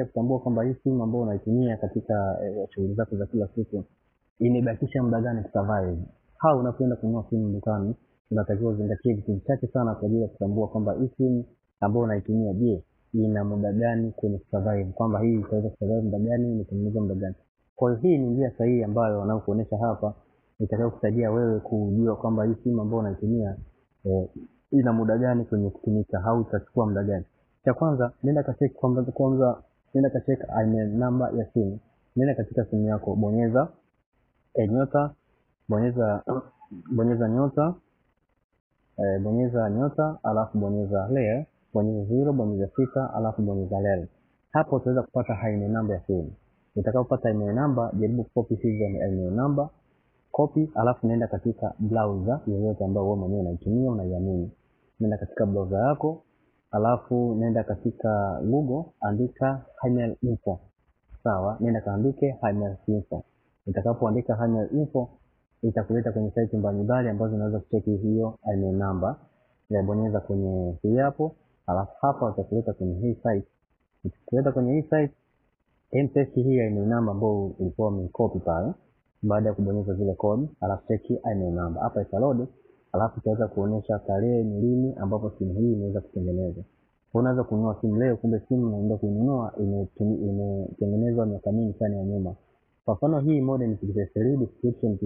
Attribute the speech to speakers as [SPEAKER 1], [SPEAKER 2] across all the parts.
[SPEAKER 1] pia kutambua kwamba hii simu ambayo unaitumia katika eh, shughuli zako za kila siku imebakisha muda gani kusurvive. Hao unapoenda kununua simu dukani, unatakiwa uzingatie vitu vichache sana kwa ajili ya kutambua kwamba hii simu ambayo unaitumia, je, ina muda gani kwenye kusurvive, kwamba hii itaweza kusurvive muda gani, imetengenezwa muda gani. Kwa hiyo hii ni njia sahihi ambayo wanaokuonyesha hapa itakayo kusaidia wewe kujua kwamba hii simu ambayo unaitumia eh, ina muda gani kwenye kutumika au itachukua muda gani. Cha kwanza nenda kacheki kwanza nenda kacheki email namba ya simu, nenda katika simu yako, bonyeza e, nyota bonyeza bonyeza nyota e, bonyeza nyota alafu bonyeza layer bonyeza zero bonyeza sita alafu bonyeza layer. Hapo utaweza kupata email namba ya simu. Utakapopata email namba, jaribu copy hizo email namba copy, alafu nenda katika browser yoyote ambayo wewe mwenyewe unaitumia unaiamini, nenda katika browser yako alafu nenda katika Google, andika hamel info. Sawa, nenda kaandike hamel info. Utakapoandika hamel info itakuleta kwenye site mbalimbali ambazo unaweza kucheki hiyo Hymel namba, nabonyeza kwenye hii hapo, alafu hapa utakuleta kwenye hii site. Utakuleta kwenye hii site mpesi hii ya Hymel namba ambayo ilikuwa umeikopi pale, baada ya kubonyeza zile code, alafu cheki Hymel namba hapa itaload alafu itaweza kuonyesha tarehe ni lini ambapo simu hii imeweza kutengenezwa. Kwa unaweza kununua simu leo, kumbe simu unaenda kuinunua imetengenezwa miaka mingi sana ya nyuma. Kwa mfano hii model ni pcs description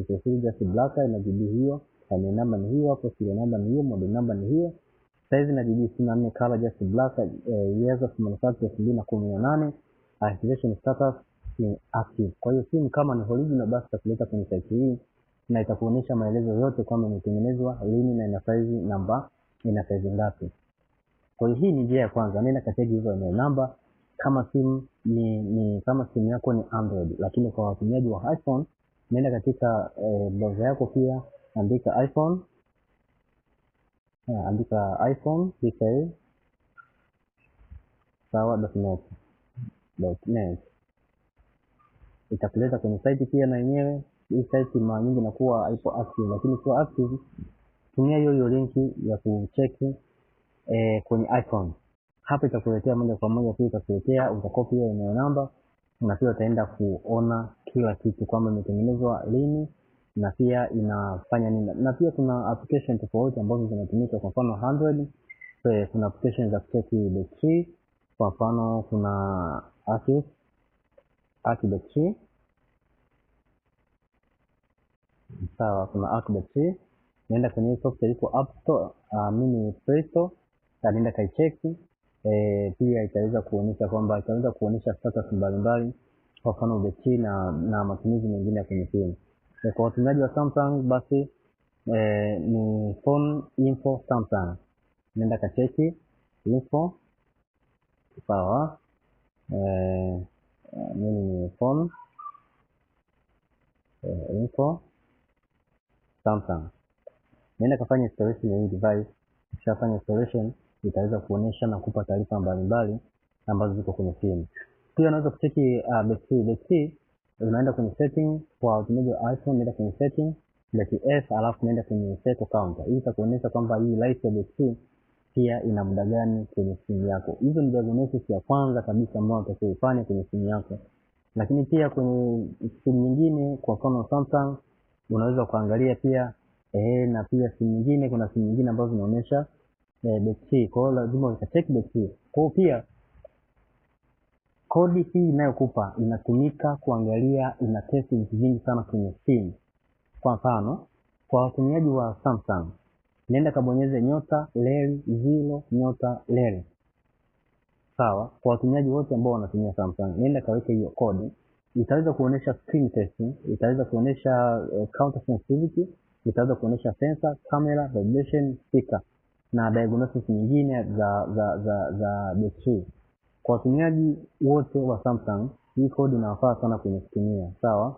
[SPEAKER 1] just black na GB hiyo, na namba ni hiyo hapo, serial number ni hiyo, model number ni hiyo. Size na GB 64 color just black, eh, years of manufacture 2018, activation status ni active. Kwa hiyo simu kama ni original basi tutaleta kwenye site hii na itakuonyesha maelezo yote kwamba imetengenezwa lini na ina size namba ina size ngapi. Kwa hiyo hii ni njia ya kwanza, nenda katika hizo email namba kama simu ni, ni kama simu yako ni Android, lakini kwa watumiaji wa iPhone nenda katika e, browser yako pia andika iPhone yeah, andika iPhone pk sawa .net .net itakuleta kwenye site pia na yenyewe hii site mara nyingi inakuwa haipo active, lakini sio active, tumia hiyo hiyo linki ya kucheki eh, kwenye iPhone. Hapa itakuletea moja kwa moja, pia itakuletea utakopi hiyo eneo namba, na pia utaenda kuona kila kitu kwamba imetengenezwa lini na pia inafanya nini, na pia kuna application tofauti ambazo zinatumika. Kwa mfano Android, eh, kuna application za kucheki battery, kwa mfano kuna Asus battery sawa, kuna Outback hii, naenda kwenye hii software iko App Store, uh, mimi Play Store, naenda kaicheki Eh, pia itaweza kuonyesha kwamba itaweza kuonyesha status mbalimbali, kwa mfano betri na, na matumizi mengine ya kwenye simu. E, kwa watumiaji wa Samsung basi e, ni phone info Samsung, naenda kacheki info sawa. E, mimi ni phone e, info Samsung. Nenda kafanya installation ya hii device. Ukishafanya installation itaweza kuonesha na kupa taarifa mbalimbali ambazo ziko kwenye simu. Pia unaweza kucheki uh, betri. Betri unaenda kwenye setting kwa utumiaji wa iPhone, unaenda kwenye setting leti F, alafu unaenda kwenye set counter. Hii itakuonesha kwamba hii life ya betri pia ina muda gani kwenye simu yako. Hizo ni diagnosis ya kwanza kabisa ambayo unatakiwa ufanye kwenye simu yako, lakini pia kwenye simu nyingine, kwa mfano Samsung unaweza kuangalia pia eh, na pia simu nyingine, kuna simu nyingine ambazo zinaonyesha eh, betri. Kwa hiyo lazima utacheki betri. Kwa hiyo pia kodi hii inayokupa inatumika kuangalia, ina testi vitu vingi sana kwenye simu. Kwa mfano kwa watumiaji wa Samsung, nenda kabonyeze nyota leli zilo nyota leli, sawa. Kwa watumiaji wote ambao wanatumia Samsung, nenda kaweke hiyo kodi itaweza kuonyesha screen testing, itaweza kuonyesha eh, counter sensitivity, itaweza kuonyesha sensor, camera, vibration, speaker na diagnosis nyingine za za za za battery. Kwa watumiaji wote wa Samsung, hii code inawafaa sana kwenye kutumia. Sawa,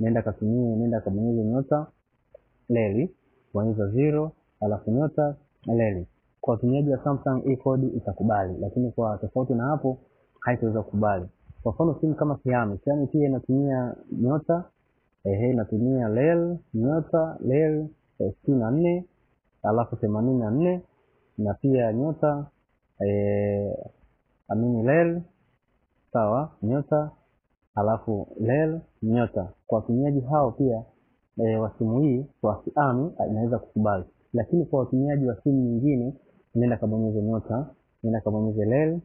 [SPEAKER 1] nenda katumie, nenda kabonyeza nyota leli, bonyeza zero alafu nyota leli. Kwa watumiaji wa Samsung hii code itakubali, lakini kwa tofauti na hapo haitaweza kukubali. Kwa mfano simu kama Xiaomi, Xiaomi pia inatumia nyota ehe, inatumia lel nyota lel eh, sitini na nne alafu themanini na nne na pia nyota eh, amini lel sawa nyota alafu lel nyota. Kwa watumiaji hao pia e, wa simu hii kwa Xiaomi ah, inaweza kukubali, lakini kwa watumiaji wa simu nyingine nenda kabonyeze nyota, nenda kabonyeze lel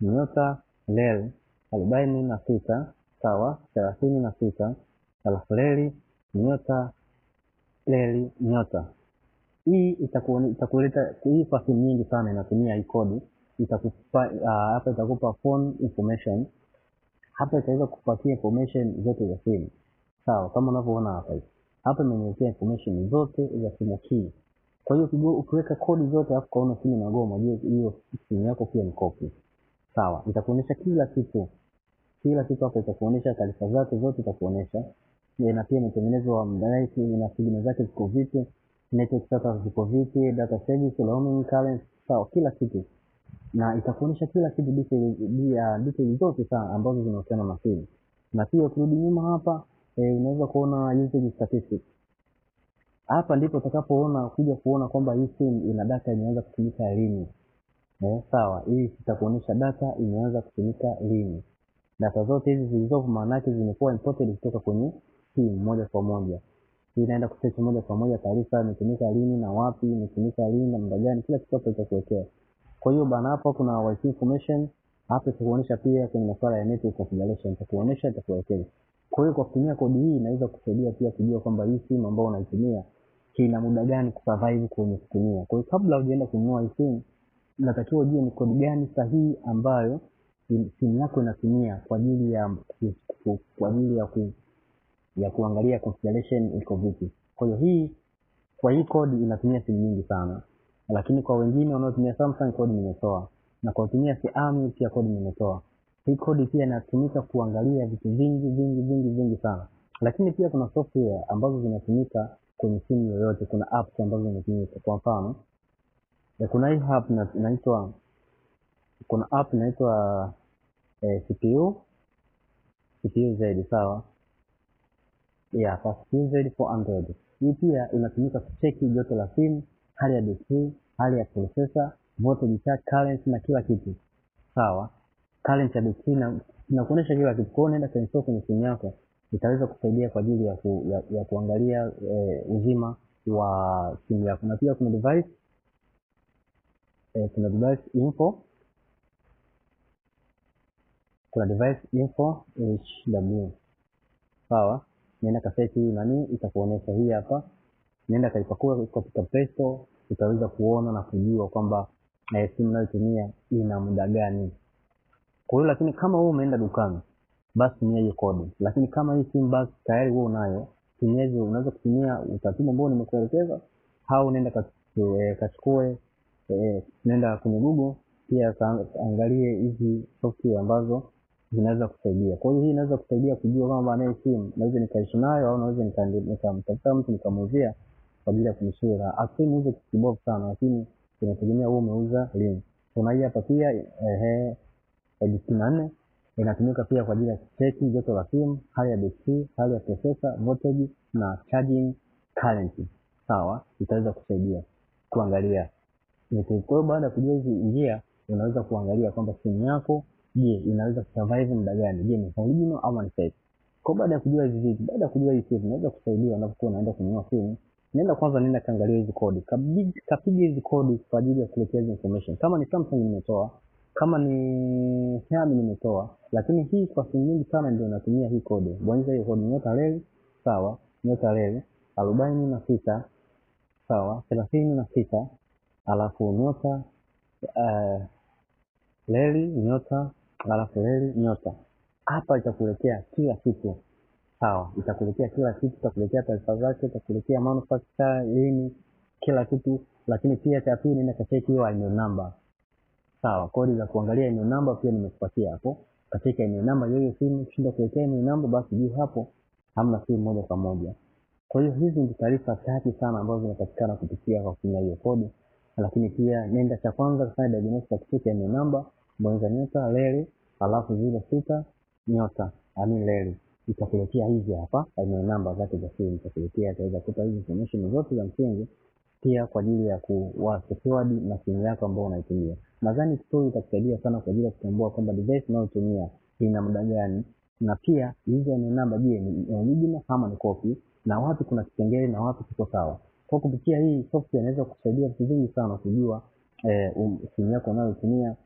[SPEAKER 1] nyota lel arobaini na sita sawa thelathini na sita alafu leli nyota leli nyota. Hii itakuleta hii fasimu nyingi sana inatumia hii kodi ah, hapa, itakupa phone information hapa, itaweza kupatia information zote za simu sawa, kama unavyoona hapa hii hapa imeniletea information zote za simu kii Kwa hiyo ukiweka kodi zote alafu kaona simu nagoma je, hiyo simu yako pia ni kopi? sawa, itakuonyesha kila kitu, kila kitu hapo itakuonyesha taarifa zake zote, itakuonyesha na pia imetengenezwa mdaiki, na huduma zake ziko vipi, network sasa ziko vipi, data service, roaming, current, sawa, kila kitu, na itakuonyesha kila kitu, details zote sana ambazo zinahusiana na simu. Na pia ukirudi nyuma hapa e, unaweza kuona usage statistics. Hapa ndipo utakapoona kuja kuona kwamba hii simu ina data imeanza kutumika lini eh, sawa, hii itakuonyesha data imeanza kutumika lini. Data zote hizi zilizopo maana yake zimekuwa imported kutoka kwenye team moja kwa moja. Hii inaenda kusearch moja kwa moja taarifa imetumika lini na wapi, imetumika lini na muda gani, kila kitu hapo itakuwekea. Kwa hiyo bana, hapo kuna wifi information hapo itakuonyesha pia kwenye masuala ya network configuration itakuonyesha, itakuelekeza. Kwa hiyo kwa kutumia kodi hii inaweza kusaidia pia kujua kwamba hii simu ambayo unaitumia kina muda gani kusurvive kwenye kutumia. Kwa hiyo kabla hujaenda kununua hii simu unatakiwa ujue ni kodi gani sahihi ambayo simu yako inatumia kwa ajili ya kwa ajili ya ku, ya kuangalia constellation iko vipi. Kwa hiyo hii kwa hii kodi inatumia simu nyingi sana, lakini kwa wengine wanaotumia Samsung kodi nimetoa, na kwa kutumia Xiaomi pia kodi nimetoa. Hii kodi pia inatumika kuangalia vitu vingi vingi vingi vingi sana, lakini pia kuna software ambazo zinatumika kwenye simu yoyote. Kuna apps ambazo zinatumika, kwa mfano ya kuna hii app inaitwa kuna app inaitwa eh, CPU CPU Z sawa ya kwa CPU Z 400 hii pia inatumika kucheki joto la simu, hali ya betri, hali ya processor, voltage charge, current na kila kitu sawa, current ya betri na inakuonyesha kila kitu. Kwa nenda unaenda kuinstall kwenye simu yako, itaweza kusaidia kwa ajili ya, ku, ya, ya kuangalia eh, uzima wa simu yako na pia kuna device kuna device info kuna device info hw sawa. Nenda kaseti hii nani, itakuonesha hii hapa. Nenda kaipakua katika Play utaweza kuona na kujua kwamba na simu unayotumia ina muda gani. Kwa hiyo lakini kama wewe umeenda dukani, basi tumia hiyo kodi, lakini kama hii simu basi tayari wewe unayo, unaweza kutumia utaratibu ambao nimekuelekeza, au unaenda eh, kachukue eh, nenda kwenye Google pia angalie hizi software ambazo zinaweza kusaidia. Kwa hiyo hii inaweza kusaidia kujua kwamba anaye simu naweza nikaishi nayo au naweza nikamtafuta mtu nikamuuzia kwa ajili ya kunishira. Asimu ah, hizo kibovu sana, lakini inategemea huo umeuza lini. Kuna hii hapa pia ehe, elfu sitini na nne inatumika pia kwa ajili ya kucheki joto la simu, hali ya betri, hali ya processor, voltage na charging current. Sawa, itaweza kusaidia kuangalia yote. Kwa hiyo baada ya kujua hizi njia, unaweza kuangalia kwamba simu yako je, inaweza kusurvive muda gani? Je, ni original ama ni fake? Kwa baada ya kujua hizi vitu, baada ya kujua hizi vitu, unaweza kusaidia unapokuwa unaenda kununua simu. Nenda kwanza, nenda kaangalia hizi kodi, kapiga hizi kodi kwa ajili ya kuletea hizi information. Kama ni Samsung nimetoa, kama ni Xiaomi nimetoa, lakini hii kwa simu nyingi sana ndio inatumia hii kodi. Bonyeza hiyo kodi nyota reli, sawa, nyota reli arobaini na sita sawa, thelathini na sita alafu nyota uh, eh, leli nyota alafu leli nyota. Hapa itakuletea kila kitu sawa, itakuletea kila kitu, itakuletea taarifa zake, itakuletea manufacturer lini, kila kitu. Lakini pia cha pili na katika hiyo email number sawa, kodi za kuangalia email number pia nimekupatia hapo katika email number yoyo simu. Ukishinda kuletea email number, basi juu hapo hamna simu moja kwa moja. Kwa hiyo hizi ni taarifa chache sana ambazo zinapatikana kupitia kwa kutumia hiyo kodi lakini pia nenda cha kwanza kufanya diagnosis ya kichwa chenye namba bonyeza nyota leli alafu zile sita nyota amin yaani leli itakuletea hizi hapa eneo namba zake za simu itakuletea itaweza kupa hizi information zote za msingi pia kwa ajili ya kuwa secured na simu yako ambayo unaitumia nadhani kitu itakusaidia sana kwa ajili ya kutambua kwamba device unayotumia ina muda gani na pia hizi eneo namba je ni original ama ni copy na wapi kuna kipengele na wapi kiko sawa kwa kupitia hii software inaweza kukusaidia vitu vingi sana, kujua eh, um, simu yako unayotumia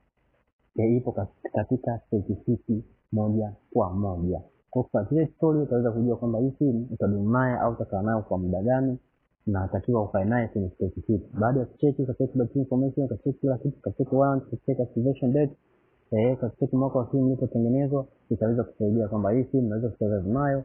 [SPEAKER 1] eh, ipo katika stage moja kwa moja. Kwa kufuatilia story utaweza kujua kwamba hii simu utadumu naye au utakaa nayo kwa muda gani na natakiwa ukae naye kwenye stage Baada ya kucheki ukacheki battery information, ukacheki kila kitu, ukacheki warranty, ukacheki activation date eh, ukacheki mwaka wa simu ilipotengenezwa, itaweza kusaidia kwamba hii simu unaweza kusaidia nayo